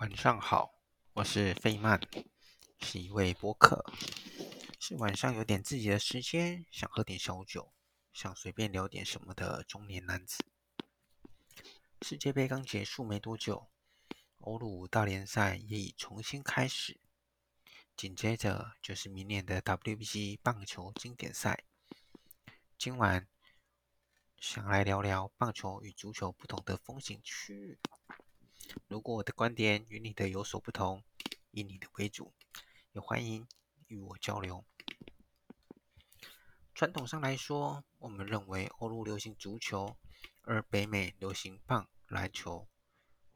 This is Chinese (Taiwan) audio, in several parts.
晚上好，我是費曼，是一位播客，是晚上有點自己的時間，想喝點小酒，想隨便聊點什麼的中年男子。世界杯剛結束沒多久，歐陸五大聯賽也已重新開始，緊接着就是明年的 WBC 棒球經典賽。今晚想來聊聊棒球與足球不同的風行區域。如果我的觀點與你的有所不同，以你的為主，也歡迎與我交流。傳統上來說，我們認為歐陸流行足球，而北美流行棒籃球，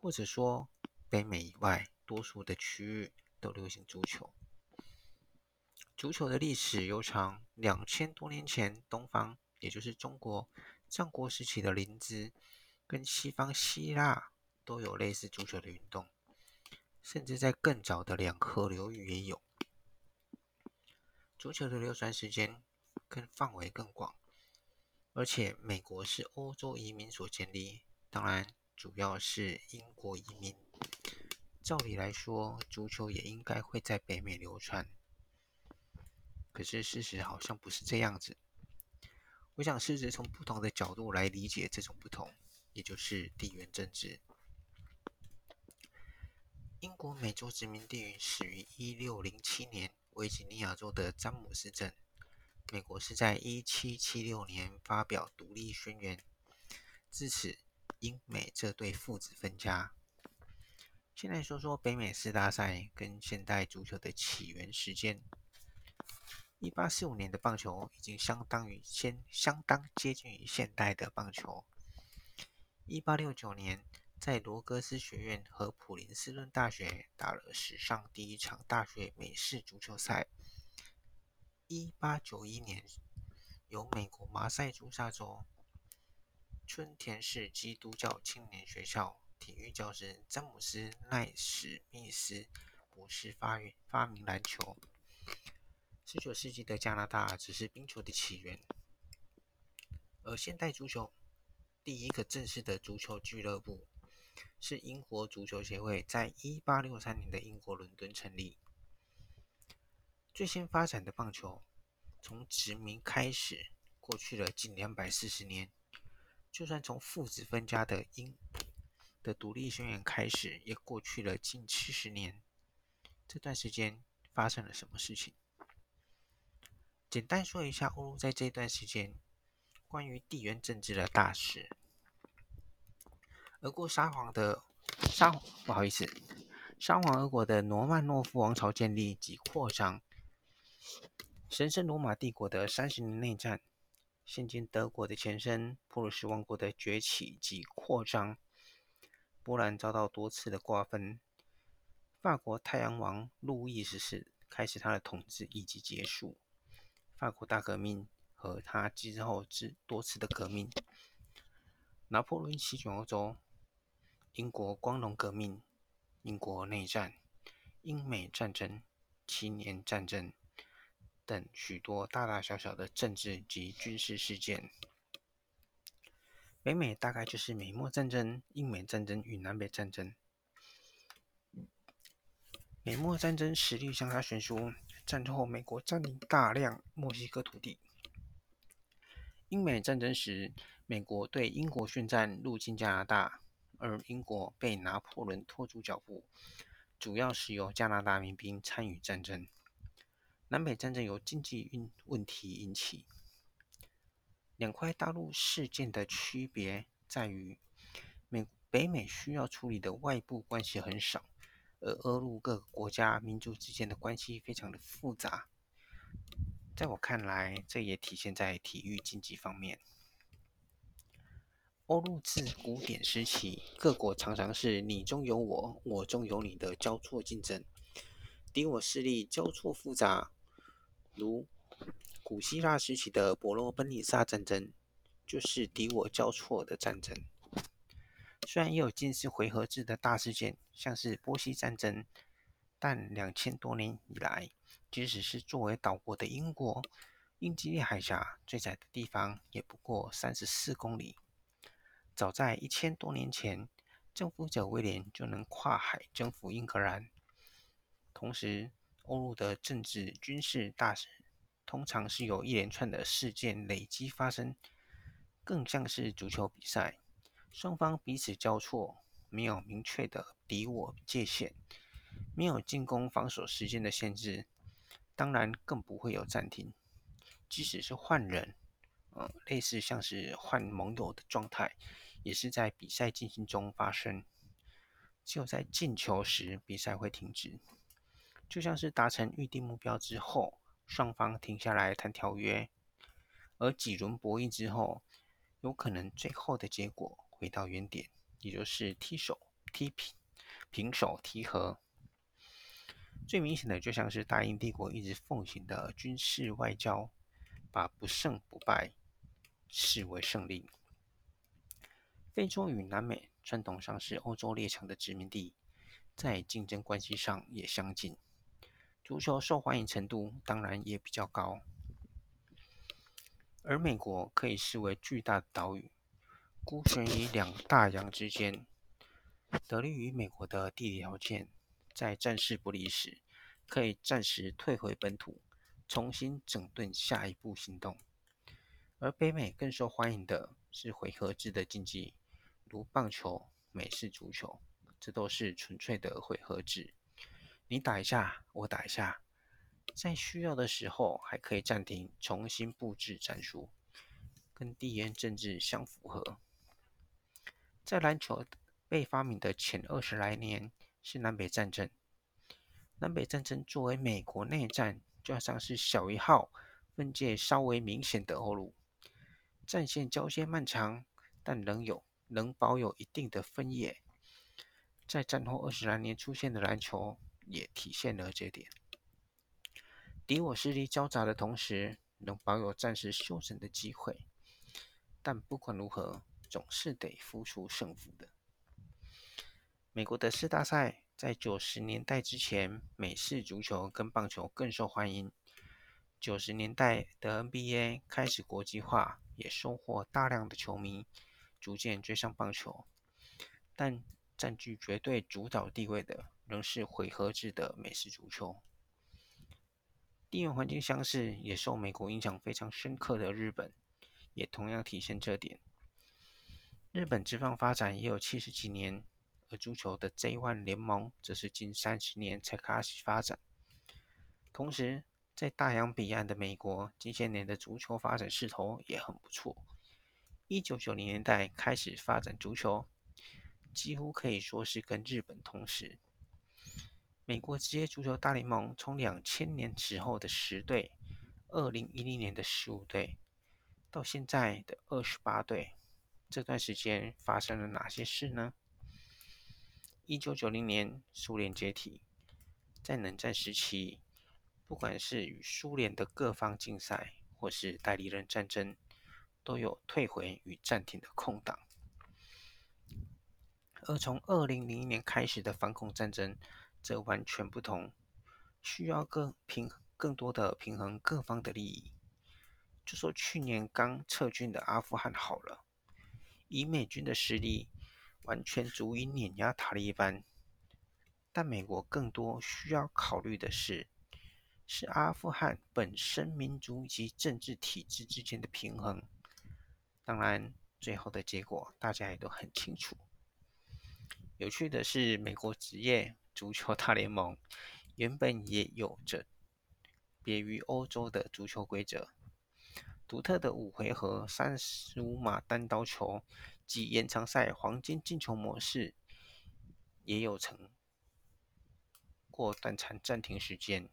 或者說北美以外多數的區域都流行足球。足球的歷史悠長，兩千多年前東方，也就是中國戰國時期的臨淄，跟西方希臘。都有類似足球的運動，甚至在更早的兩河流域也有。足球的流傳時間跟範圍更廣，而且美國是歐洲移民所建立，當然主要是英國移民。照理來說，足球也應該會在北美流傳，可是事實好像不是這樣子。我想試着從不同的角度來理解這種不同，也就是地緣政治。英國美洲殖民地始於一六零七年，維吉尼亞州的詹姆斯鎮。美國是在一七七六年發表獨立宣言，至此英美這對父子分家。現在說說北美四大賽跟現代足球的起源時間。一八四五年的棒球已經相當於先相當接近於現代的棒球。一八六九年。在羅格斯學院和普林斯頓大學打了史上第一場大學美式足球賽。一八九一年，由美國麻薩諸塞州春田市基督教青年學校體育教師詹姆斯奈史密斯博士發源發明籃球。十九世紀的加拿大只是冰球的起源，而現代足球第一個正式的足球俱樂部。是英國足球協會在1863年的英國倫敦成立。最先發展的棒球，從殖民開始，過去了近240年。就算從父子分家的英的獨立宣言開始，也過去了近70年。這段時間發生了什麼事情？簡單說一下，歐洲在這段時間關於地緣政治的大事。俄國沙皇的沙皇，不好意思，沙皇俄國的羅曼諾夫王朝建立及擴張，神聖羅馬帝國的三十年內戰，現今德國的前身普魯士王國的崛起及擴張，波蘭遭到多次的瓜分，法國太陽王路易十四開始他的統治以及結束，法國大革命和他之後之多次的革命，拿破崙席捲歐洲。英國光榮革命、英國內戰、英美戰爭、七年戰爭等許多大大小小的政治及軍事事件。北美大概就是美墨戰爭、英美戰爭與南北戰爭。美墨戰爭實力相差懸殊，戰爭後美國佔領大量墨西哥土地。英美戰爭時，美國對英國宣戰，入侵加拿大。而英國被拿破崙拖住腳步，主要是由加拿大民兵參與戰爭。南北戰爭由經濟問題引起。兩塊大陸事件的區別在於美，美北美需要處理的外部關係很少，而歐陸各個國家民族之間的關係非常的複雜。在我看來，這也體現在體育競技方面。歐陸自古典時期，各國常常是你中有我，我中有你的交錯競爭，敵我勢力交錯複雜。如古希臘時期的伯羅奔尼撒戰爭，就是敵我交錯的戰爭。雖然也有近似回合制的大事件，像是波西戰爭，但兩千多年以來，即使是作為島國的英國，英吉利海峽最窄的地方也不過三十四公里。早在一千多年前，征服者威廉就能跨海征服英格蘭。同時，歐陸的政治軍事大事通常是有一連串的事件累積發生，更像是足球比賽，雙方彼此交錯，沒有明確的敵我界限，沒有進攻防守時間的限制，當然更不會有暫停，即使是換人。嗯，類似像是換盟友的狀態，也是在比賽進行中發生。只有在進球時，比賽會停止，就像是達成預定目標之後，雙方停下來談條約。而幾輪博弈之後，有可能最後的結果回到原點，也就是踢手、踢平、平手、踢和。最明顯的就像是大英帝國一直奉行的軍事外交，把不勝不敗視為勝利。非洲與南美傳統上是歐洲列強的殖民地，在競爭關係上也相近，足球受歡迎程度當然也比較高。而美國可以視為巨大的島嶼，孤懸於兩大洋之間，得利於美國的地理條件，在戰事不利時，可以暫時退回本土，重新整頓下一步行動。而北美更受歡迎的是回合制的競技，如棒球、美式足球，這都是純粹的回合制。你打一下，我打一下，在需要的時候還可以暫停，重新布置戰術，跟地緣政治相符合。在籃球被發明的前二十來年，是南北戰爭。南北戰爭作為美國內戰，就像是小一號、分界稍微明顯的歐陸。戰線交接漫長，但仍有能保有一定的分野。在戰後二十來年出現的籃球也體現了這點。敵我勢力交雜的同時，能保有暫時休整的機會，但不管如何，總是得付出勝負的。美國的四大賽在九十年代之前，美式足球跟棒球更受歡迎。九十年代的 NBA 開始國際化。也收穫大量的球迷，逐漸追上棒球，但佔據絕對主導地位的仍是回合制的美式足球。地緣環境相似，也受美國影響非常深刻的日本，也同樣體現這點。日本職棒發展也有七十幾年，而足球的 J1 聯盟則是近三十年才開始發展。同時，在大洋彼岸的美國，近些年的足球發展勢頭也很不錯。一九九零年代開始發展足球，幾乎可以說是跟日本同時。美國職業足球大聯盟從兩千年之後的十隊，二零一零年的十五隊，到現在的二十八隊，這段時間發生了哪些事呢？一九九零年，蘇聯解體，在冷戰時期。不管是與蘇聯的各方競賽，或是代理人戰爭，都有退回與暫停的空檔。而從二零零一年開始的反恐戰爭則完全不同，需要更平更多的平衡各方的利益。就說去年剛撤軍的阿富汗好了，以美軍的實力，完全足以碾壓塔利班。但美國更多需要考慮的是。是阿富汗本身民族以及政治體制之間的平衡。當然，最後的結果大家也都很清楚。有趣的是，美國職業足球大聯盟原本也有着別於歐洲的足球規則，獨特的五回合、三十五碼單刀球及延長賽黃金進球模式，也有曾過短暫暫停時間。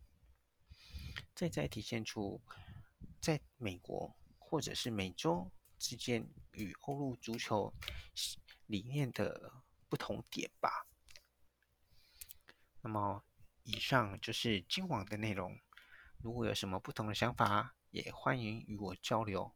再再體現出在美國或者是美洲之間與歐陸足球理念的不同點吧。那麼以上就是今晚的內容，如果有什麼不同的想法，也歡迎與我交流。